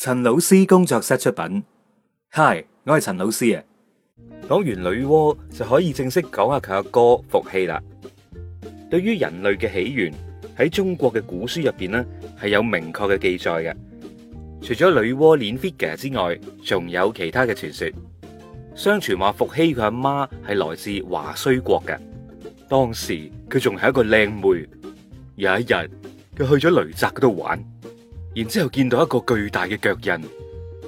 陳老師工作室出品。Hi，我係陳老師啊。講完女媧就可以正式講下佢阿哥伏羲啦。對於人類嘅起源，喺中國嘅古書入邊呢係有明確嘅記載嘅。除咗女媧煉 figure 之外，仲有其他嘅傳說。相傳話伏羲佢阿媽係來自華胥國嘅。當時佢仲係一個靚妹。有一日，佢去咗雷澤嗰度玩。然之後見到一個巨大嘅腳印，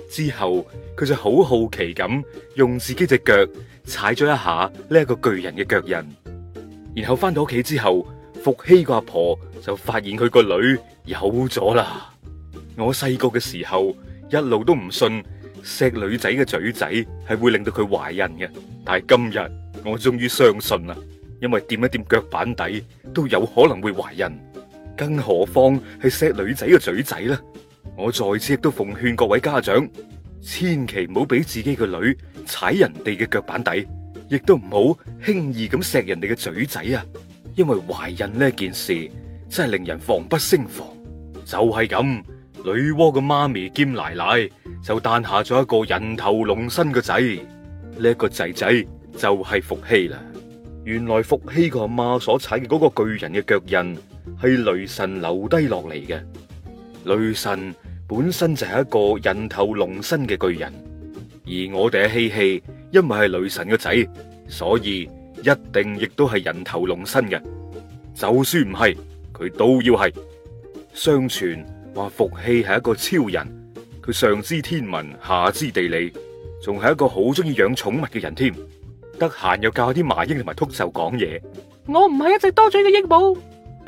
之後佢就好好奇咁用自己隻腳踩咗一下呢一個巨人嘅腳印，然後翻到屋企之後，伏羲個阿婆就發現佢個女有咗啦。我細個嘅時候一路都唔信錫女仔嘅嘴仔係會令到佢懷孕嘅，但係今日我終於相信啦，因為掂一掂腳板底都有可能會懷孕。更何況係錫女仔嘅嘴仔呢？我再次都奉勸各位家長，千祈唔好俾自己嘅女踩人哋嘅腳板底，亦都唔好輕易咁錫人哋嘅嘴仔啊！因為懷孕呢件事真係令人防不勝防。就係咁，女媧嘅媽咪兼奶奶就誕下咗一個人頭龍身嘅仔，呢個仔仔就係伏羲啦。原來伏羲個阿媽所踩嘅嗰個巨人嘅腳印。係雷神留低落嚟嘅，雷神本身就係一個人頭龍身嘅巨人，而我哋嘅希希因為係雷神嘅仔，所以一定亦都係人頭龍身嘅。就算唔係，佢都要係。相傳話伏羲係一個超人，佢上知天文下知地理，仲係一個好中意養寵物嘅人添。得閒又教下啲麻鷹同埋禿鷲講嘢。我唔係一隻多嘴嘅鸚鵡。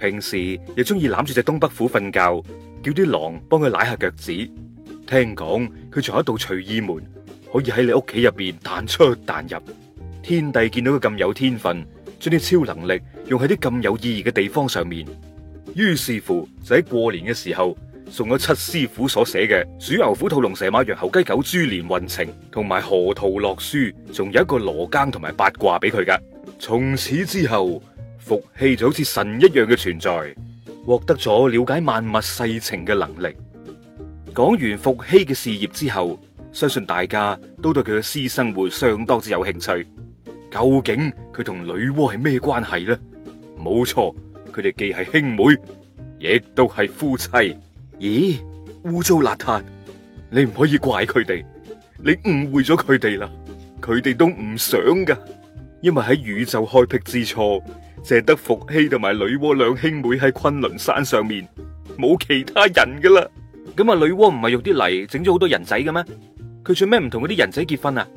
平時又中意攬住隻東北虎瞓覺，叫啲狼幫佢舐下腳趾。聽講佢仲有一道隨意門，可以喺你屋企入邊彈出彈入。天帝見到佢咁有天分，將啲超能力用喺啲咁有意義嘅地方上面。於是乎就喺過年嘅時候送咗七師傅所寫嘅《鼠牛虎兔龍蛇馬羊猴雞狗豬》連運程，同埋河圖洛書，仲有一個羅庚同埋八卦俾佢噶。從此之後，伏羲就好似神一樣嘅存在，獲得咗了了解萬物世情嘅能力。講完伏羲嘅事業之後，相信大家都對佢嘅私生活相當之有興趣。究竟佢同女媧係咩關係呢？冇錯，佢哋既係兄妹，亦都係夫妻。咦、欸，污糟邋遢，你唔可以怪佢哋，你誤會咗佢哋啦。佢哋都唔想噶，因為喺宇宙開闢之初。淨係得伏羲同埋女媧兩兄妹喺昆侖山上面，冇其他人噶啦。咁啊，女媧唔係用啲泥整咗好多人仔嘅咩？佢做咩唔同嗰啲人仔結婚啊？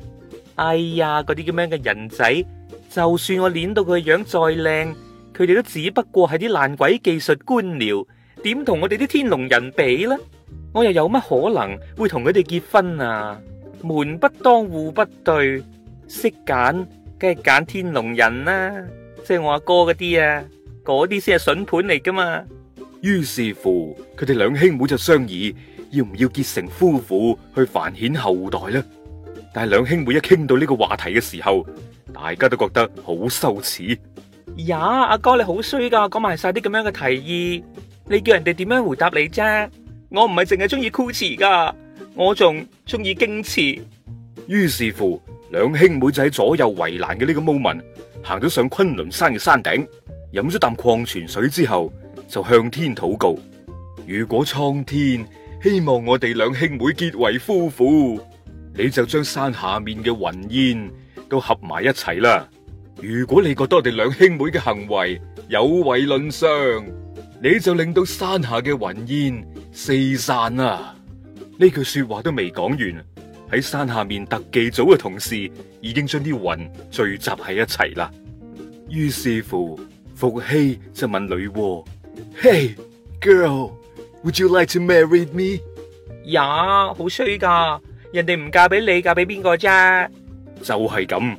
哎呀，嗰啲咁樣嘅人仔，就算我捻到佢樣再靚，佢哋都只不過係啲爛鬼技術官僚，點同我哋啲天龍人比呢？我又有乜可能會同佢哋結婚啊？門不當戶不對，識揀，梗係揀天龍人啦。即係我阿哥嗰啲啊，嗰啲先係筍盤嚟噶嘛。於是乎，佢哋兩兄妹就商議要唔要結成夫婦去繁衍後代咧。但係兩兄妹一傾到呢個話題嘅時候，大家都覺得好羞恥。呀，阿哥你好衰噶，講埋晒啲咁樣嘅提議，你叫人哋點樣回答你啫？我唔係淨係中意酷詞噶，我仲中意矜持。於是乎，兩兄妹就喺左右為難嘅呢個 moment，行咗上昆崙山嘅山頂，飲咗啖礦泉水之後，就向天禱告：如果蒼天希望我哋兩兄妹結為夫婦，你就將山下面嘅雲煙都合埋一齊啦；如果你覺得我哋兩兄妹嘅行為有違倫常，你就令到山下嘅雲煙四散啦！呢句說話都未講完，喺山下面特技組嘅同事已經將啲雲聚集喺一齊啦。於是乎，伏羲就問女媧：Hey girl，Would you like to marry me？呀，好衰噶，人哋唔嫁俾你，嫁俾邊個啫？就係咁，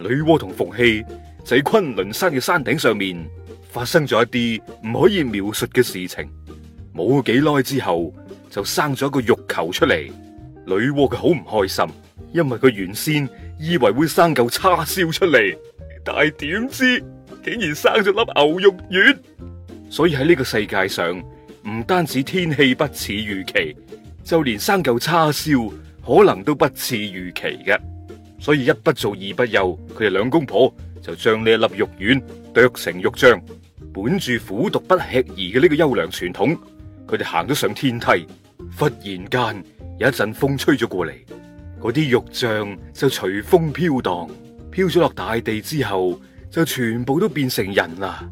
女媧同伏羲就喺昆崙山嘅山頂上面發生咗一啲唔可以描述嘅事情。冇幾耐之後，就生咗一個肉球出嚟。女媧佢好唔開心，因為佢原先以為會生嚿叉燒出嚟。但係點知，竟然生咗粒牛肉丸，所以喺呢個世界上，唔單止天氣不似預期，就連生嚿叉燒可能都不似預期嘅。所以一不做二不休，佢哋兩公婆就將呢一粒肉丸剁成肉醬，本住虎毒不吃兒嘅呢個優良傳統，佢哋行咗上天梯。忽然間有一陣風吹咗過嚟，嗰啲肉醬就隨風飄蕩。飄咗落大地之後，就全部都變成人啦。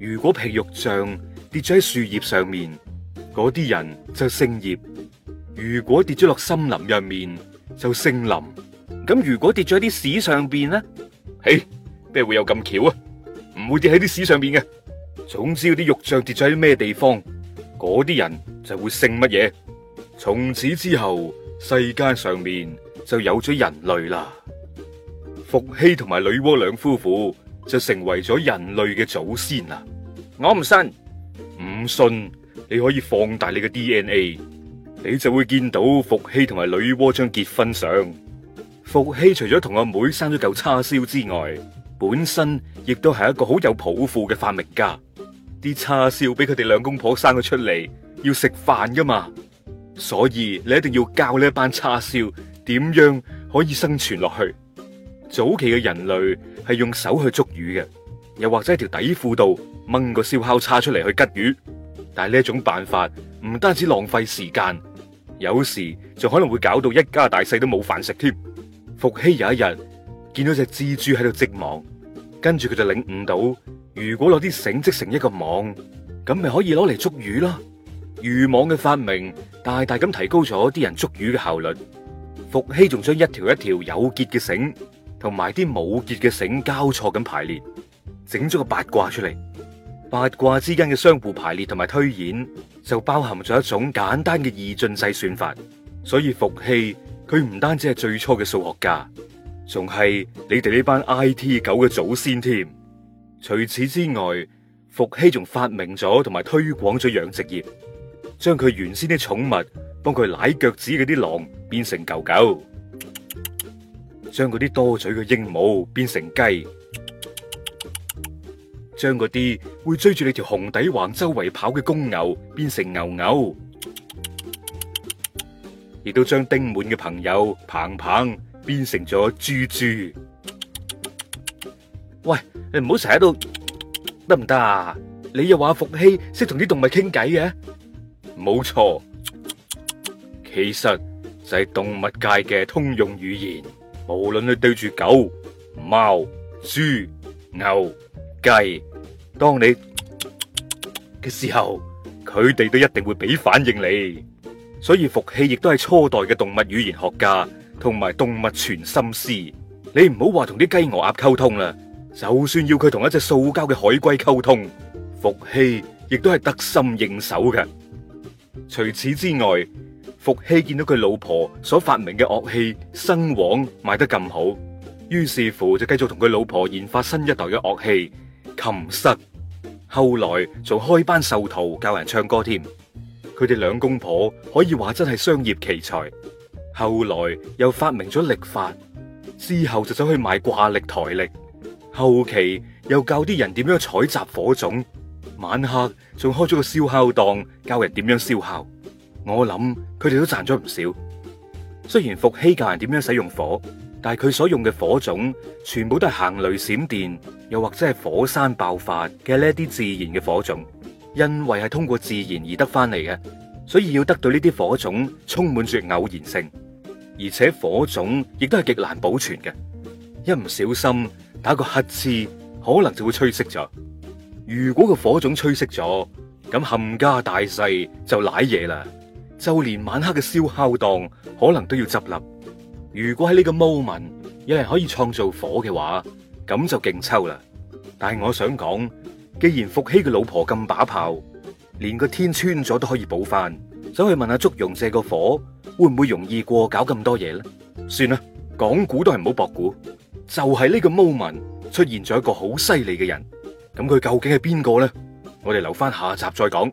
如果皮肉像跌咗喺樹葉上面，嗰啲人就姓葉；如果跌咗落森林入面，就姓林。咁如果跌咗喺啲屎上邊咧，嘿，咩會有咁巧啊？唔會跌喺啲屎上邊嘅。總之，嗰啲肉像跌咗喺咩地方，嗰啲人就會姓乜嘢。從此之後，世間上面就有咗人類啦。伏羲同埋女媧兩夫婦就成為咗人類嘅祖先啦。我唔信，唔信你可以放大你嘅 DNA，你就會見到伏羲同埋女媧張結婚相。伏羲除咗同阿妹生咗嚿叉燒之外，本身亦都係一個好有抱負嘅發明家。啲叉燒俾佢哋兩公婆生咗出嚟，要食飯噶嘛，所以你一定要教呢一班叉燒點樣可以生存落去。早期嘅人類係用手去捉魚嘅，又或者喺條底褲度掹個燒烤叉出嚟去吉魚。但係呢一種辦法唔單止浪費時間，有時仲可能會搞到一家大細都冇飯食添。伏羲有一日見到隻蜘蛛喺度織網，跟住佢就領悟到，如果攞啲繩織成一個網，咁咪可以攞嚟捉魚咯。漁網嘅發明大大咁提高咗啲人捉魚嘅效率。伏羲仲將一條一條有結嘅繩。同埋啲冇結嘅繩交錯咁排列，整咗個八卦出嚟。八卦之間嘅相互排列同埋推演，就包含咗一種簡單嘅二進制算法。所以伏羲佢唔單止係最初嘅數學家，仲係你哋呢班 IT 狗嘅祖先添。除此之外，伏羲仲發明咗同埋推廣咗養殖業，將佢原先啲寵物幫佢舐腳趾嘅啲狼變成狗狗。將嗰啲多嘴嘅鸚鵡變成雞，將嗰啲會追住你條紅底橫周圍跑嘅公牛變成牛牛，亦都將丁滿嘅朋友彭彭變成咗豬豬。喂，你唔好成日都喺度得唔得啊？你又話伏羲識同啲動物傾偈嘅？冇錯，其實就係動物界嘅通用語言。無論你對住狗、貓、豬、牛、雞，當你嘅時候，佢哋都一定會俾反應你。所以伏羲亦都係初代嘅動物語言學家，同埋動物全心師。你唔好話同啲雞、鵝、鴨溝通啦，就算要佢同一隻塑膠嘅海龜溝通，伏羲亦都係得心應手嘅。除此之外，伏羲見到佢老婆所發明嘅樂器笙簧賣得咁好，於是乎就繼續同佢老婆研發新一代嘅樂器琴瑟，後來仲開班授徒教人唱歌添。佢哋兩公婆可以話真係商業奇才。後來又發明咗曆法，之後就走去買掛曆檯曆，後期又教啲人點樣採集火種，晚黑仲開咗個燒烤檔教人點樣燒烤。我諗佢哋都賺咗唔少。雖然伏羲教人點樣使用火，但係佢所用嘅火種全部都係行雷閃電，又或者係火山爆發嘅呢啲自然嘅火種。因為係通過自然而得翻嚟嘅，所以要得到呢啲火種充滿住偶然性，而且火種亦都係極難保存嘅。一唔小心打個乞嗤，可能就會吹熄咗。如果個火種吹熄咗，咁冚家大細就瀨嘢啦。就連晚黑嘅燒烤檔可能都要執笠。如果喺呢個 moment 有人可以創造火嘅話，咁就勁抽啦。但係我想講，既然伏羲嘅老婆咁把炮，連個天穿咗都可以補翻，想去問下祝融借個火，會唔會容易過搞咁多嘢咧？算啦，講古都係唔好駁古。就係呢個 moment 出現咗一個好犀利嘅人，咁佢究竟係邊個咧？我哋留翻下集再講。